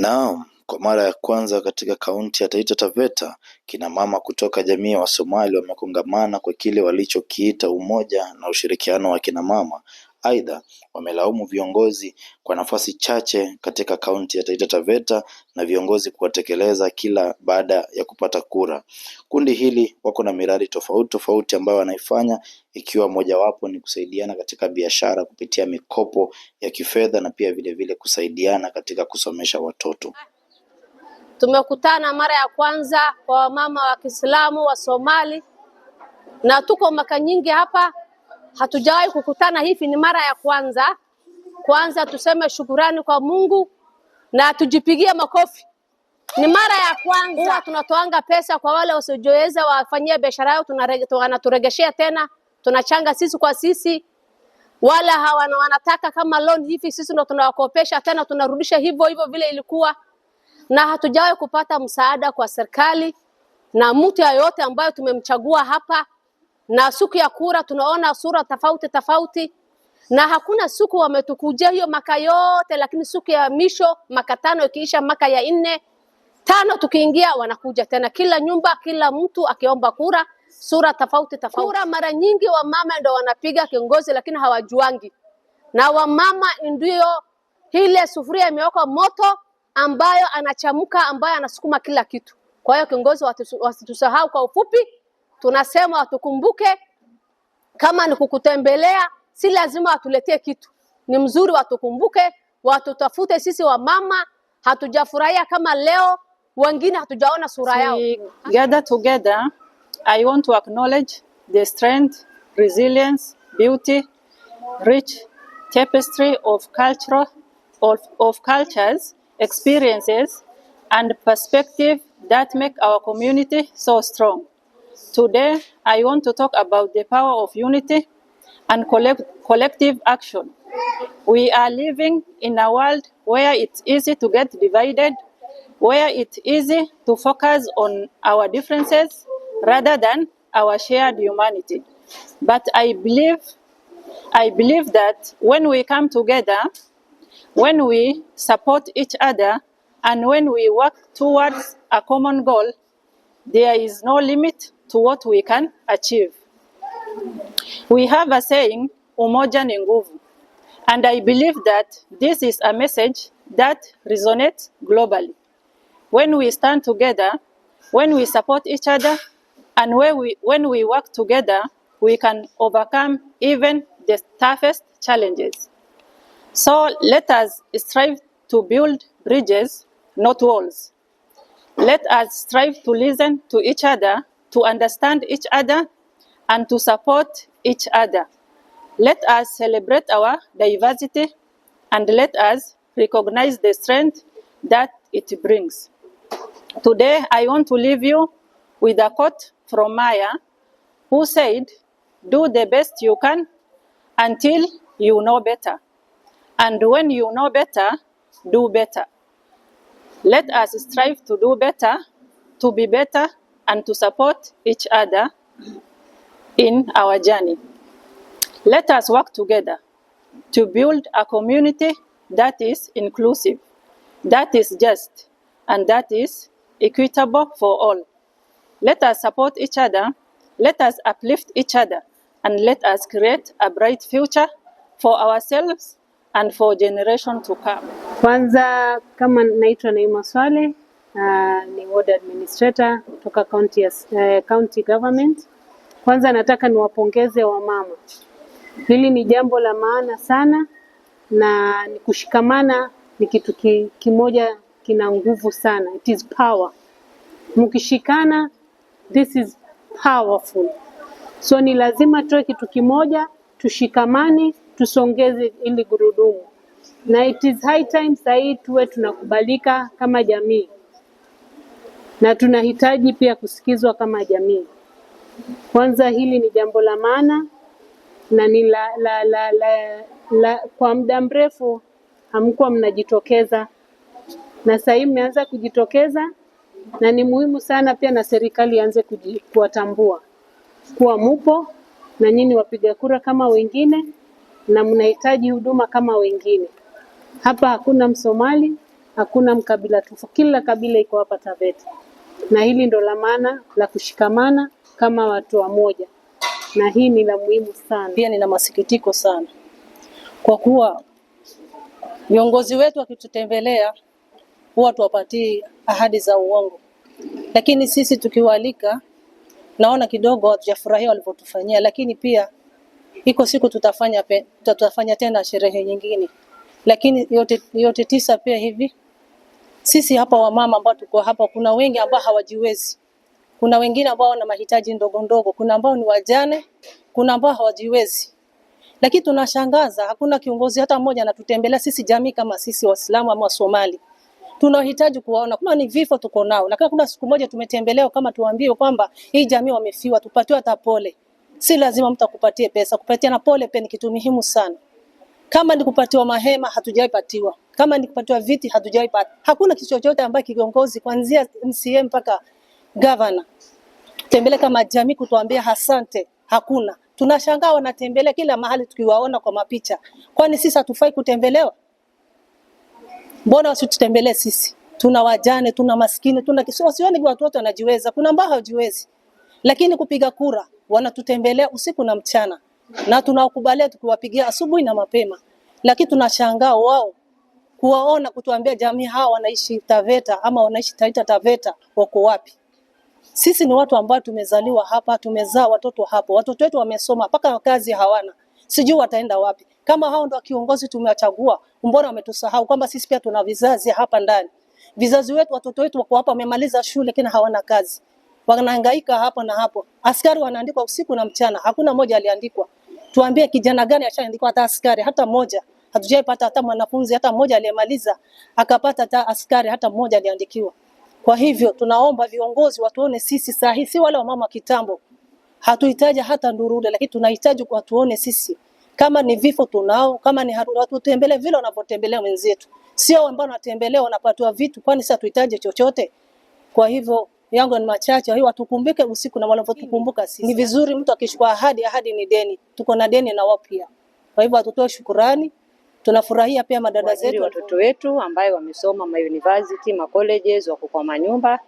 Naam kwa mara ya kwanza katika kaunti ya Taita Taveta kina mama kutoka jamii ya wasomali wamekongamana kwa kile walichokiita umoja na ushirikiano wa kina mama Aidha, wamelaumu viongozi kwa nafasi chache katika kaunti ya Taita Taveta na viongozi kuwatekeleza kila baada ya kupata kura. Kundi hili wako na miradi tofauti tofauti ambayo wanaifanya ikiwa mojawapo ni kusaidiana katika biashara kupitia mikopo ya kifedha na pia vile vile kusaidiana katika kusomesha watoto. Tumekutana mara ya kwanza kwa wamama wa Kiislamu wa Somali na tuko maka nyingi hapa Hatujawahi kukutana hivi, ni mara ya kwanza. Kwanza tuseme shukurani kwa Mungu na tujipigie makofi. Ni mara ya kwanza huwa tunatoanga pesa kwa wale wasiojiweza wafanyie biashara yao, wanaturegeshea tena, tunachanga sisi kwa sisi, wala hawana wanataka kama loan hivi, sisi ndo tunawakopesha tena, tunarudisha hivyo hivyo vile ilikuwa, na hatujawahi kupata msaada kwa serikali na mtu yeyote ambayo tumemchagua hapa na siku ya kura tunaona sura tofauti tofauti, na hakuna siku wametukujia hiyo maka yote, lakini siku ya misho maka tano ikiisha, maka ya nne tano tukiingia, wanakuja tena kila nyumba, kila mtu akiomba kura, sura tofauti tofauti. Kura mara nyingi wamama ndio wanapiga kiongozi, lakini hawajuangi, na wamama ndio ile sufuria imewekwa moto ambayo anachamka, ambayo anasukuma kila kitu. Kwa hiyo kiongozi wasitusahau, kwa ufupi tunasema watukumbuke. Kama ni kukutembelea, si lazima watuletee kitu, ni mzuri watukumbuke, watutafute. Sisi wa mama hatujafurahia kama leo, wengine hatujaona sura yao. Gather together. I want to acknowledge the strength, resilience, beauty, rich tapestry of cultural of, of cultures, experiences and perspective that make our community so strong. Today, I want to talk about the power of unity and collect- collective action. We are living in a world where it's easy to get divided, where it's easy to focus on our differences rather than our shared humanity. But I believe, I believe that when we come together, when we support each other, and when we work towards a common goal, there is no limit to what we can achieve. We have a saying, umoja ni nguvu, and I believe that this is a message that resonates globally. When we stand together, when we support each other, and when we, when we work together, we can overcome even the toughest challenges. So let us strive to build bridges, not walls. Let us strive to listen to each other to understand each other and to support each other. Let us celebrate our diversity and let us recognize the strength that it brings. Today, I want to leave you with a quote from Maya, who said, Do the best you can until you know better. And when you know better, do better. Let us strive to do better, to be better, and to support each other in our journey. Let us work together to build a community that is inclusive, that is just, and that is equitable for all. Let us support each other, let us uplift each other, and let us create a bright future for ourselves and for generation to come. Kwanza kama naitwa Naima Swale uh, ni ward administrator kutoka county, uh, county government. Kwanza nataka niwapongeze wamama, hili ni jambo la maana sana, na ni kushikamana ni kitu ki, kimoja kina nguvu sana, it is power. Mkishikana this is powerful, so ni lazima tuwe kitu kimoja, tushikamane, tusongeze ili gurudumu, na it is high time sahii tuwe tunakubalika kama jamii na tunahitaji pia kusikizwa kama jamii. Kwanza hili ni jambo la maana na ni la, la, la, la, la kwa muda mrefu hamkuwa mnajitokeza na sasa hivi mmeanza kujitokeza, na ni muhimu sana pia na serikali ianze kuwatambua kuwa mupo na nyinyi wapiga kura kama wengine na mnahitaji huduma kama wengine. Hapa hakuna Msomali, hakuna mkabila tufu, kila kabila iko hapa Taveta na hili ndo la maana la kushikamana kama watu wamoja, na hii ni la muhimu sana. Pia nina masikitiko sana kwa kuwa viongozi wetu wakitutembelea huwa tuwapatii ahadi za uongo, lakini sisi tukiwaalika, naona kidogo hatujafurahia walivyotufanyia, lakini pia iko siku tutafanya, pe, tutafanya tena sherehe nyingine, lakini yote, yote tisa pia hivi sisi hapa wamama ambao tuko hapa, kuna wengi ambao hawajiwezi, kuna wengine ambao wana mahitaji ndogo ndogo, kuna ambao ni wajane, kuna ambao hawajiwezi. Lakini tunashangaza hakuna kiongozi hata mmoja anatutembelea sisi jamii kama sisi Waislamu ama Wasomali. Tunahitaji kuwaona kama ni vifo tuko nao, lakini kuna siku moja tumetembelewa kama tuambiwe kwamba hii jamii wamefiwa, tupatiwe hata pole. Si lazima mtu akupatie pesa, kupatia na pole pia ni kitu muhimu sana. Kama ni kupatiwa mahema, hatujapatiwa kama ni kupatiwa viti hatujaipata. Hakuna kitu chochote ambacho kiongozi kuanzia MCA mpaka governor tembele kama jamii kutuambia asante, hakuna. Tunashangaa wanatembelea kila mahali tukiwaona kwa mapicha, kwani sisi hatufai kutembelewa? Mbona wasitutembelee sisi? Tuna wajane, tuna maskini, tuna wasione watu wote wanajiweza, kuna ambao hawajiwezi, lakini kupiga kura wanatutembelea usiku na mchana, na tunawakubalia tukiwapigia asubuhi na mapema, lakini tunashangaa wao kuwaona, kutuambia jamii hawa wanaishi Taveta ama wanaishi Taita Taveta wako wapi? Sisi ni watu ambao tumezaliwa hapa, tumezaa watoto hapo, watoto wetu wamesoma mpaka kazi hawana, sijui wataenda wapi. Kama hao ndio kiongozi tumewachagua, mbona wametusahau kwamba sisi pia tuna vizazi hapa ndani? Vizazi wetu, watoto wetu wako hapa, wamemaliza shule lakini hawana kazi, wanahangaika hapo na hapo. Askari wanaandikwa usiku na mchana, hakuna moja aliandikwa. Tuambie kijana gani ashaandikwa hata askari hata moja? Hatujaipata hata mwanafunzi hata mmoja aliyemaliza akapata hata askari hata mmoja aliandikiwa. Kwa hivyo tunaomba viongozi watuone sisi sahi, si wale wamama kitambo. Hatuhitaji hata ndurude, lakini tunahitaji watuone sisi. Kama ni vifo tunao, kama ni watu tembelee vile wanavyotembelea wenzetu, sio ambao wanatembelea wanapatiwa vitu, kwani sasa tuhitaji chochote? Kwa hivyo yangu ni machache, hiyo watukumbuke usiku na wanavyotukumbuka sisi. Ni vizuri mtu akishukua ahadi, ahadi ni deni, tuko na deni na wao pia. Kwa hivyo watutoe shukurani. Tunafurahia pia madada zetu, watoto wetu ambayo wamesoma ma university ma colleges, wako kwa manyumba.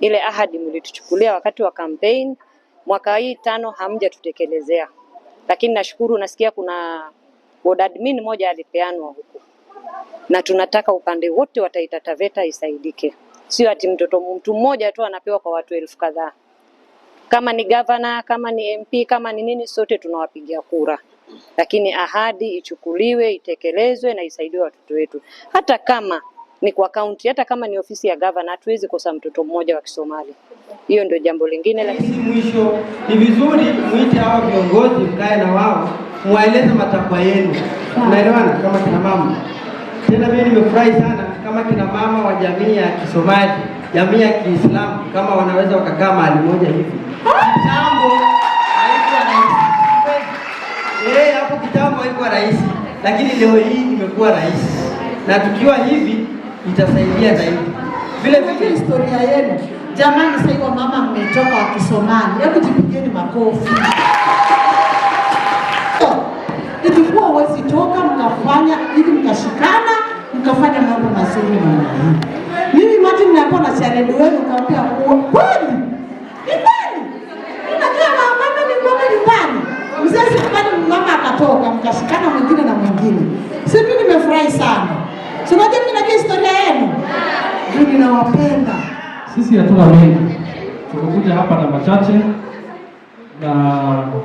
Ile ahadi mlituchukulia wakati wa campaign mwaka hii tano hamjatutekelezea, lakini nashukuru, nasikia kuna board admin moja alipeanwa huku, na tunataka upande wote wa Taita Taveta isaidike, sio ati mtoto mtu mmoja tu anapewa kwa watu elfu kadhaa. Kama ni governor, kama ni MP, kama ni nini, sote tunawapigia kura lakini ahadi ichukuliwe, itekelezwe na isaidiwe watoto wetu, hata kama ni kwa kaunti, hata kama ni ofisi ya gavana. Hatuwezi kosa mtoto mmoja wa Kisomali, hiyo ndio jambo lingine. Lakini mwisho, ni vizuri mwite hao viongozi, mkae na wao, mwaeleze matakwa yenu, unaelewana kama kina mama. Tena mimi nimefurahi sana kama kina mama wa jamii ya Kisomali, jamii ya Kiislamu, kama wanaweza wakakaa mahali moja hivi Eh, hapo kitambo haikuwa rahisi, lakini leo hii imekuwa rahisi, na tukiwa hivi itasaidia zaidi. Vile vile historia yenu jamani, sasa hivi mama mmetoka wa Kisomali, hebu jipigieni makofi. Ilikuwa huwezi toka mkafanya ili mkashikana mkafanya mambo mazuri namna hii. Mimi Martin nakuwa na sharedi wenu kaambia kweli tunawapenda. Sisi hatuna mengi, tumekuja hapa na machache na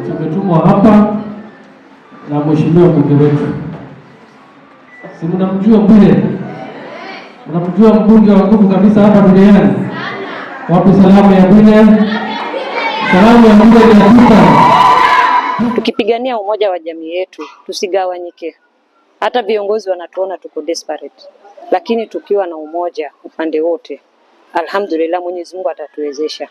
tumetumwa hapa na mheshimiwa mbunge wetu, si mnamjua mbunge, mnamjua mbunge wa nguvu kabisa hapa duniani. Wapi salamu ya mbunge? Salamu ya mbunge ni tukipigania umoja wa jamii yetu, tusigawanyike. Hata viongozi wanatuona tuko desperate lakini tukiwa na umoja upande wote, alhamdulillah, Mwenyezi Mungu atatuwezesha.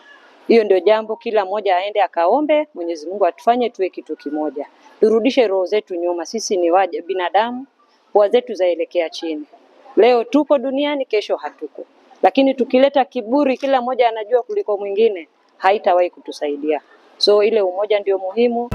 Hiyo ndio jambo, kila mmoja aende akaombe Mwenyezi Mungu atufanye tuwe kitu kimoja, turudishe roho zetu nyuma. Sisi ni waja binadamu, pua zetu zaelekea chini. Leo tuko duniani, kesho hatuko, lakini tukileta kiburi, kila mmoja anajua kuliko mwingine, haitawahi kutusaidia. So ile umoja ndio muhimu.